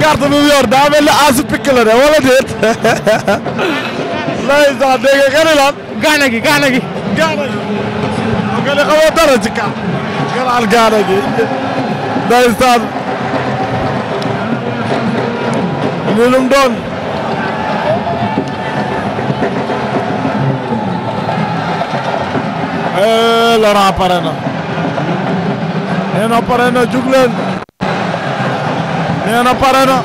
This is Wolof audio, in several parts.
carte bu daa mel ni asu pikk la de wala lay sax dégg nga gën a lan. gaana gi gaana gi. gaana gi. nga ne xamoo dara ci carte. na. nee pare na jug nee na pare na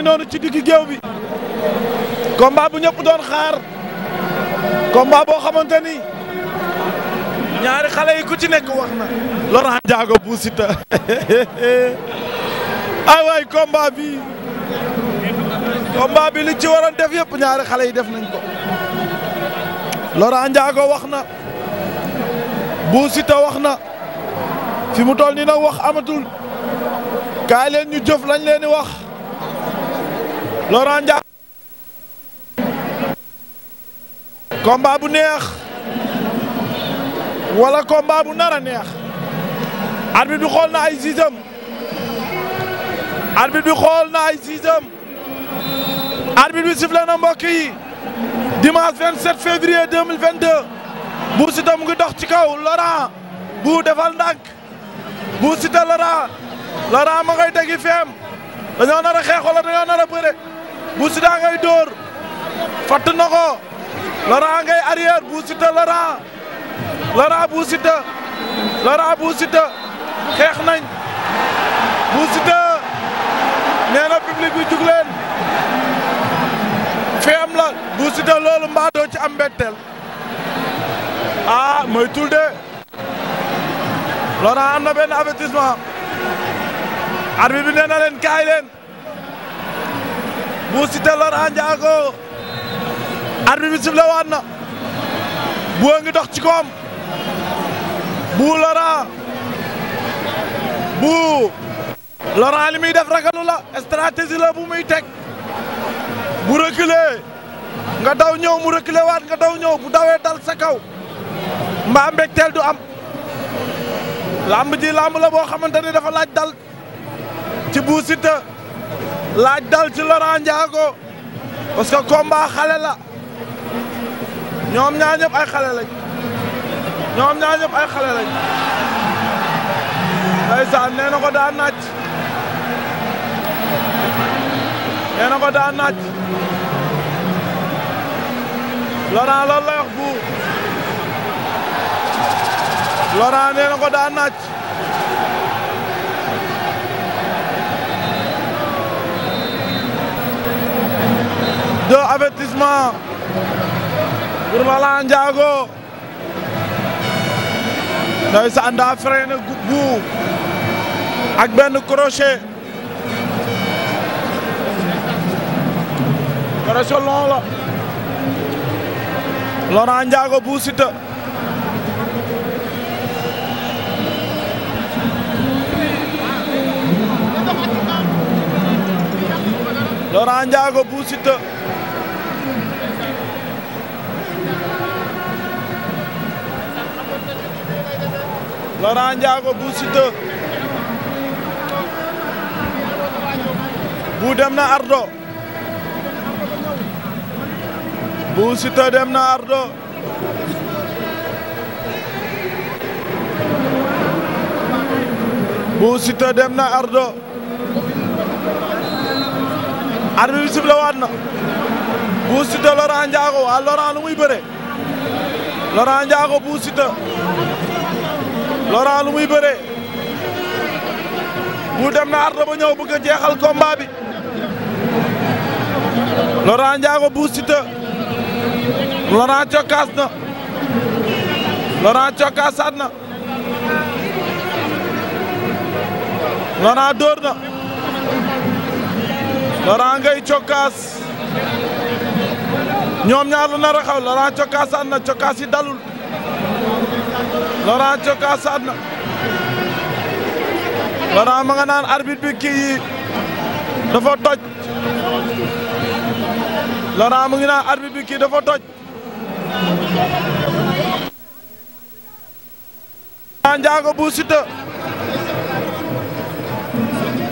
ngi noonu ci digg géew bi combat bu ñépp doon xaar combat boo xamante ni ñaari xale yi ku ci nekk wax na Laurent Ndiago Bou Siteu ah ay bi combat bi li ci waroon def yépp ñaari xale yi def nañ ko Laurent Ndiago wax na Bou Siteu wax na fi mu toll nii nag wax amatul kaay leen ñu jëf lañ leen di wax Laurent Ndiago combat bu neex wala combat bu nara neex arbitre bi xool na ay siisam arbitre bi xool na ay siisam arbitre bi sifflé na mbokk yi dimanche 27 février 2022 Bou Siteu mu ngi dox ci kaw Laurent bu defal ndànk Bou Siteu Laurent Laurent ma ngay tegi feem dañoo nar a xeex wala dañoo nar a bëre Bou Siteu ngay dóor fatt na ko Laurent ngay arrière Bou Siteu Laurent Laurent nañ Bou Siteu nee bi jug leen fi am la Bou Siteu ci am mbetteel ah mooy tul de Laurent am na benn avertissement arbitre bi leen kaay Bou Siteu Laurent Ndiago arbitre bi sifflé waat na ngi dox ci koom Bou Laurent Bou Laurent li muy def ragalu la stratégie la bu muy teg bu reculer nga daw ñëw mu reculer waat nga daw ñëw bu dawee dal sa kaw mbaa du am lamb ji lamb la boo xamante ne dafa laaj dal ci Bou laaj dal ci Laurent Ndiago parce que combat xale la ñoom ñaar ay xale lañ ñoom ñaar ay xale lañ ndeysaan nee ko daa naaj nee na daa naaj Laurent loolu la wax buur Laurent nee ko daa naaj deux avertissements pour Laurent Ndiago ndeysaan daa freiné bu ak benn crochet crochet long la Laurent Ndiago Bou Siteu Laurent Ndiago Bou Laurent jaako Bou Siteu Bou dem na Ardo Bou dem na Ardo Bou Siteu dem na Ardo arbitre bi sifflé waat na Bou Siteu Laurent lu muy bëree bu dem na arta ba ñëw bëgg a jeexal combat bi Laurent Ndiago Bou Siteu Laurent cokkaas na Laurent cokkaasaat na Laurent dóor na Laurent ngay cokkaas ñoom ñaar lu nar a xaw Laurent na cokkaas yi dalul Laurent cokkaasaat na Laurent ma nga naan arbitre bi kii yi dafa toj Laurent mu ngi naan arbitre bi kii dafa toj Laurent Ndiago bu Siteu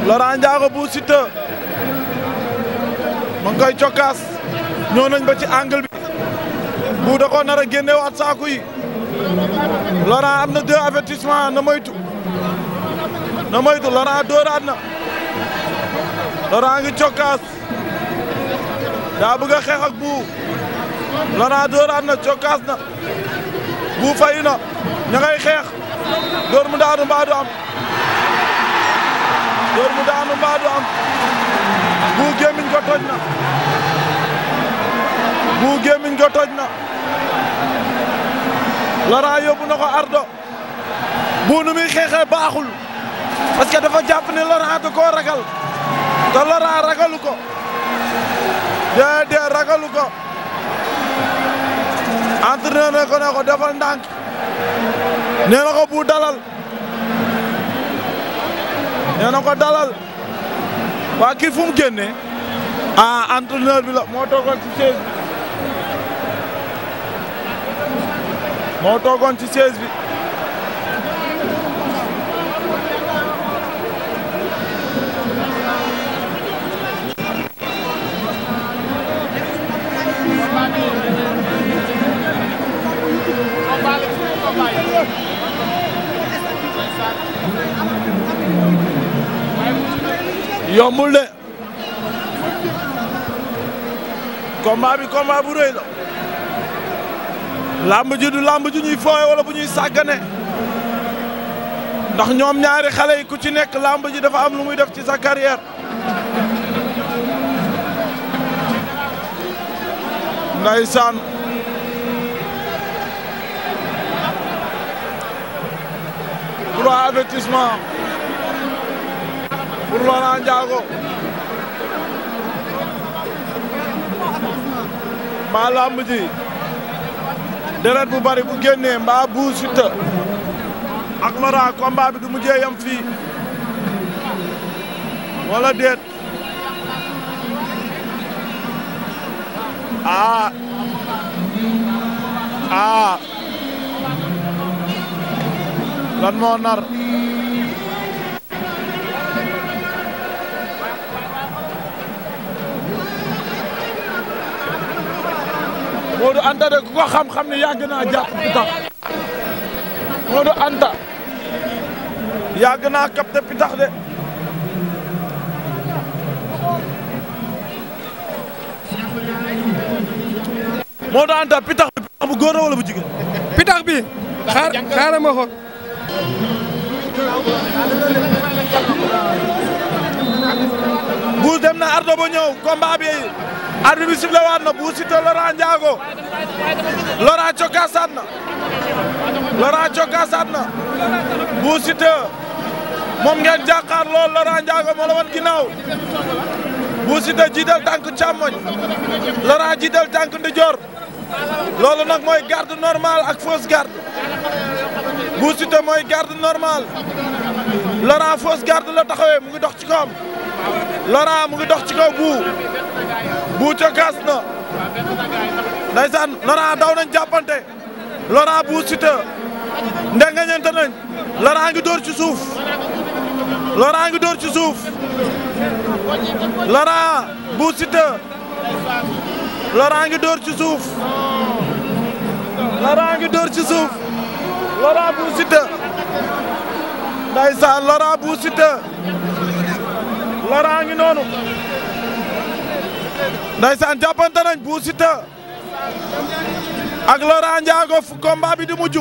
Laurent Ndiago bu Siteu ma ngi koy cokkaas nañ ba ci angle bi bu da ko nar a génneewaat saaku yi Laurent am na deux avertissement na moytu na moytu na Laurent cokkaas daa bëgg xeex ak Bou Laurent dóoraat na cokkaas na Bou fayu na ña xeex dóor mu daanu mbaa am dóor mu daanu mbaa am Bou gémmiñ ko na Bou gémmiñ ko na Laurent yóbbu Ardo bu nu muy xeexee baaxul parce que dafa jàpp ne Laurent da koo ragal te Laurent ragalu ko déedéet ragalu ko entraîneur na ko ne defal ndànk nee na ko bu dalal nee na dalal waa kii fu mu génnee ah entraîneur bi la moo toogal ci moo toogoon ci siège bi yombul de combat bi combat bu rëy làmb ji du làmb ji ñuy fooye wala bu ñuy sàggane ndax ñoom ñaari xale yi ku ci nekk làmb ji dafa am lu muy def ci sa carrière ndaysaan trois avertissement pour Laurent Ndiago maa làmb deret bu bare bu génnee mbaa Bou Siteu ak Laurent combat du mujjee yam fii wala déet aa ah. aa ah. lan moo Modou Anta de ko xam-xam ne yàgg naa jàpp pitax Modou Anta yàgg naa capté pitax de Modou Anta pitax bi pitax bi xaar xaaral ma xool bu dem na ardo ba ñëw combat bi arbitre bi sifflé waat na Bou Siteu Laurent Ndiago Laurent cokkaasaat na na Bou Siteu moom ngeen jàkkaar lool Laurent Ndiago moo la woon ginnaaw Bou Siteu jiital tànk càmmoñ ndijoor loolu nag mooy garde normale ak fausse garde Bou mooy garde normale Laurent fausse garde la taxawee mu ngi dox ci koom Laurent mu ngi dox ci kaw Bou Bou cokaas na ndaysaan Laurent daw nañ jàppante Laurent Bou Siteu ndengañante nañ Laurent ngi dóor ci suuf Laurent ngi dóor ci suuf Laurent Bou Siteu Laurent ngi dóor ci suuf Laurent ngi dóor ci suuf Laurent Bou Laurent ngi noonu ndaysaan jàppante nañ ak Laurent Ndiago fu combat bi di mujj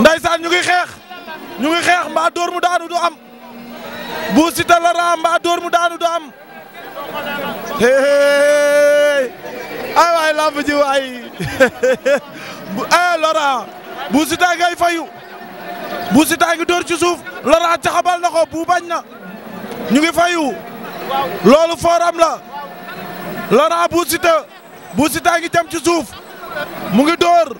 ndaysaan ñu ngi xeex ñu ngi xeex mbaa dóor mu daanu du am Bou Siteu mbaa dóor mu daanu doo am hey ay waay lamb eh, fayu Bou Siteu ngi dóor ci suuf Laurent caxabal na ko bu bañ na ñu ngi fayu loolu fooram la Laurent Bou Siteu Bou Siteu ci suuf mu ngi dóor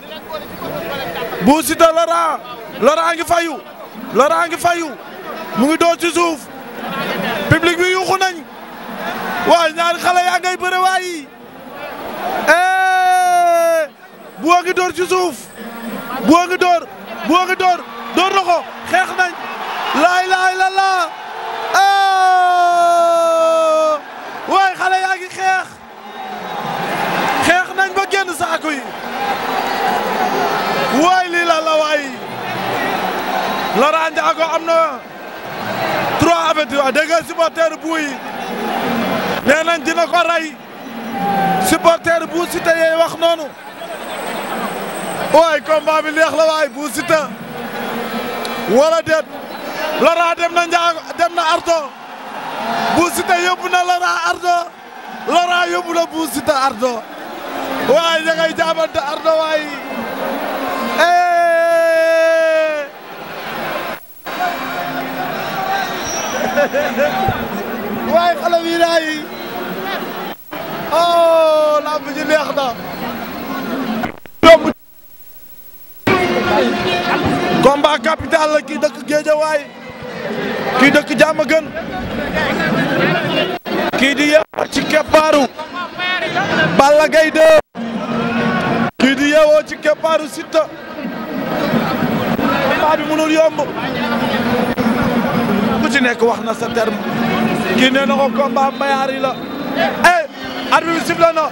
Bou Siteu Laurent Laurent ngi fayu Laurent ngi fayu mu ngi dóor ci suuf public bi yuuxu nañ waaye ñaari xale yaa ngay bëre waayi eh, Bou a ngi dóor ci suuf Bou a ngi dóor Bou a ngi dóor door na ko xeex nañ laa ilaaha illallaah oh! waay xale yaa ngi xeex xeex nañ ba génn saako yi waay lii la la waay Laurent Ndiago am na trois avertissements dégg nga supporter bu yi nee nañ dina ko rey supporter bu Siteu wax noonu waay combat bi neex la waay bu wala déet Laurent dem na njaago dem na Ardo Bou yóbbu na Laurent Ardo Laurent yóbbu na Bou Siteu waaye da ngay jaabante Ardo waaye eh! waaye xale wi daay oh ji neex na combat capital la kii dëkk Géejawaay kii dëkk Diamaguène kii di yeewoo ci keppaaru Balla Gaye 2 kii di yeewoo ci keppaaru Siteu combat bi mënul yomb ku ci nekk wax na sa terme kii nee na ko combat mbayaar yi la eh arbitre bi sifflé na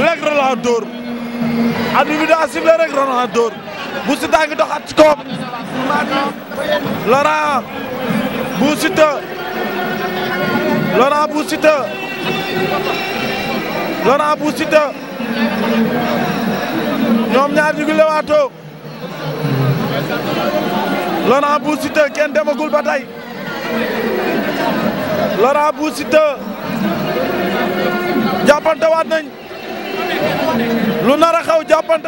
rek Roland Dóor arbitre bi daa sifflé rek Roland Bou Siteu a ngi doxaat ci kawam Laurent Bou Siteu Laurent Bou Siteu Laurent Bou Siteu ñoom ñaar ñu ngi lewaatoo Laurent Bou Siteu kenn demagul ba tey Laurent Bou nañ lu nar a xaw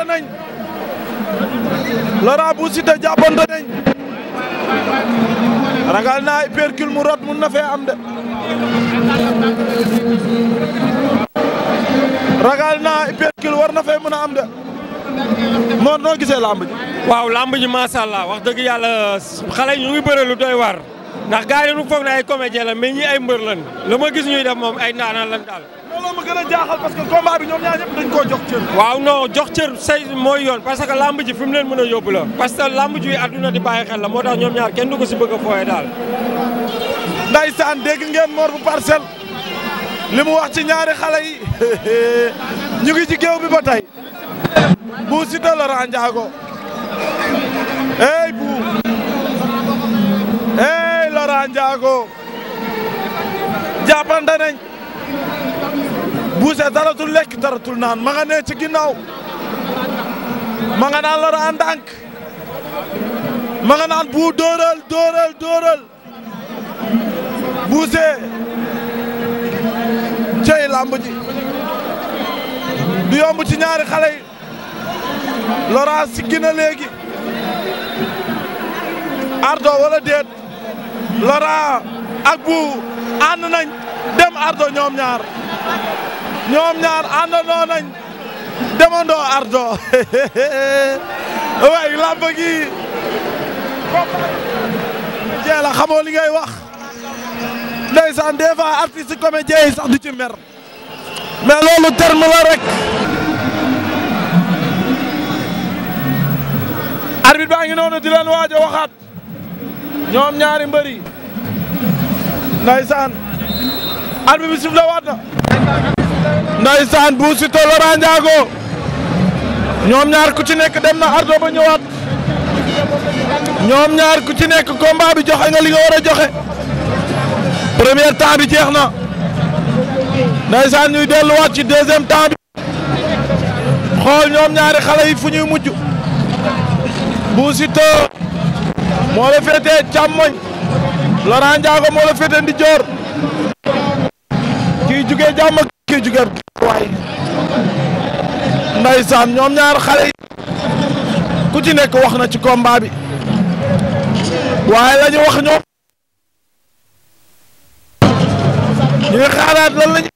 nañ Laurent bu Siteu jàppante nañ ragal naa hypercule mu rot mun na fee am de ragal naa hypercule war na fee mën a am de moo noo gisee làmb waaw làmb ji macha allah wax dëgg yàlla xale ñu ngi bëre lu doy war ndax gars yi dañu foog ay comédien la mais ñi ay mbër la ma gis ñuy def moom ay ndaanaan lan daal looloo ma gën parce que combat bi ñoom ñaar ñëpp dañ koo jox cër. waaw non jox say mooy yoon parce que lamb ji fi mu leen mën a yóbbu la. parce que lamb ji àdduna di bàyyi xel la moo tax ñoom ñaar kenn du bëgg a fooyee daal. Ndeysaan dégg ngeen Mor bu parcelle li mu wax ci ñaari xale yi ñu ngi ci géew bi ba tey. Bou Siteu Laurent Ndiago hey Bou hey Laurent Ndiago jàppante nañ. buuse taratul lekk taratul naan manga nga ne ci ginnaaw ma nga naan lor àndànk ma nga naan bu dóoral dóoral dóoral buuse cey làmb du yomb ci ñaari xale yi Laurent siggi na léegi Ardo wala déet Laurent ak bu ànd nañ dem Ardo ñoom ñaar ñoom ñaar àndandoo nañ demandoo ardo waay làmb gi jee la xamoo li ngay wax ndeysaan des fois artiste comédien sax du ci mer mais loolu terme la rek arbitre baa ngi noonu di leen waaj a ñoom ñaari mbëri ndeysaan arbitre bi sifle waat na Ndeysaan Bou Siteu Laurent Ndiago ñoom ñaar ku ci nekk dem na ardo ba ñëwaat ñoom ñaar ku ci nekk combat bi joxe nga li nga war a joxe premier temps jeex na Ndeysaan ñuy delluwaat ci deuxième temps bi xool ñoom ñaari xale yi fu ñuy mujj Bou moo la féetee càmmoñ Laurent Ndiago moo la féetee ndijoor kii jugee jàmm ki jóge waay ñoom ñaar xale yi ku ci nekk wax na ci combat bi waaye la wax ñoom ñu ngi xaaraat lañu jël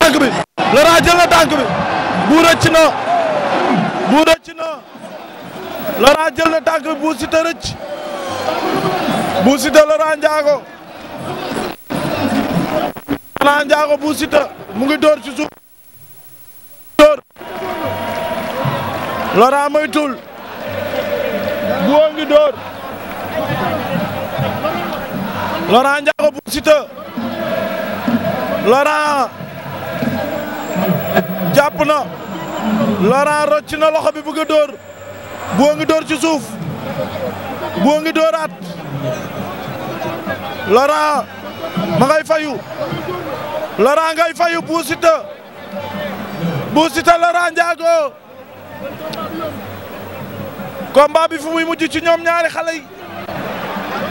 tànk bi Laurent jël na tànk bi Bou rëcc na Bou jël na tànk bi Bou rëcc Bou Siteu Laurent Franc Ndiago bu Siteu mu ngi dóor ci suuf dóor Laurent moytul bu ngi dóor Laurent Ndiago bu Siteu Laurent jàpp na Laurent rocc na loxo bi bëgg a dóor bu ngi dóor ci suuf bu ngi dóoraat Laurent ma ngay fayu Laurent ngay fayu Bou Siteu Bou Siteu Laurent Ndiago combat bi muy mujj ci ñoom ñaari xale yi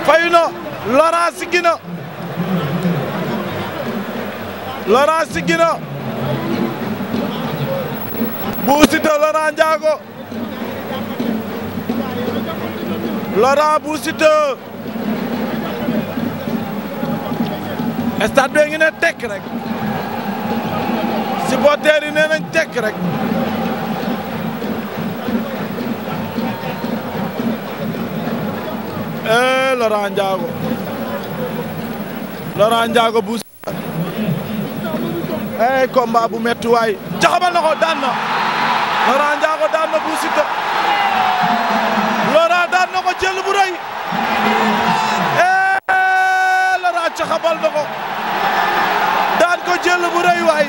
fayu na Laurent siggi na Laurent siggi na Bou Siteu Laurent Ndiago Laurent stade bee ngi ne tekk rek supporters yi nee nañ tekk rek ee eh, Laurent Ndiago Laurent Ndiago bu ee eh, combat bu metti waay jaxabal na ko daan na Laurent Ndiago daan na Bou Siteu Laurent daan na ko jël bu xabal na ko daan ko jël bu waay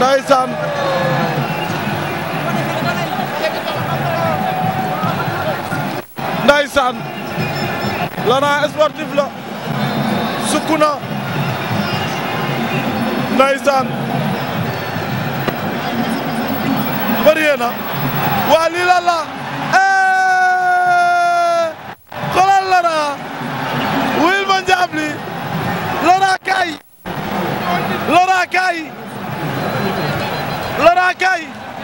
ndeysaan ndeysaan Laurent sportif la sukk na ndeysaan bëriyee na waa lii lan la xoolal Laurent ma njaab li Laurent kaay Laurent Laurent Kaye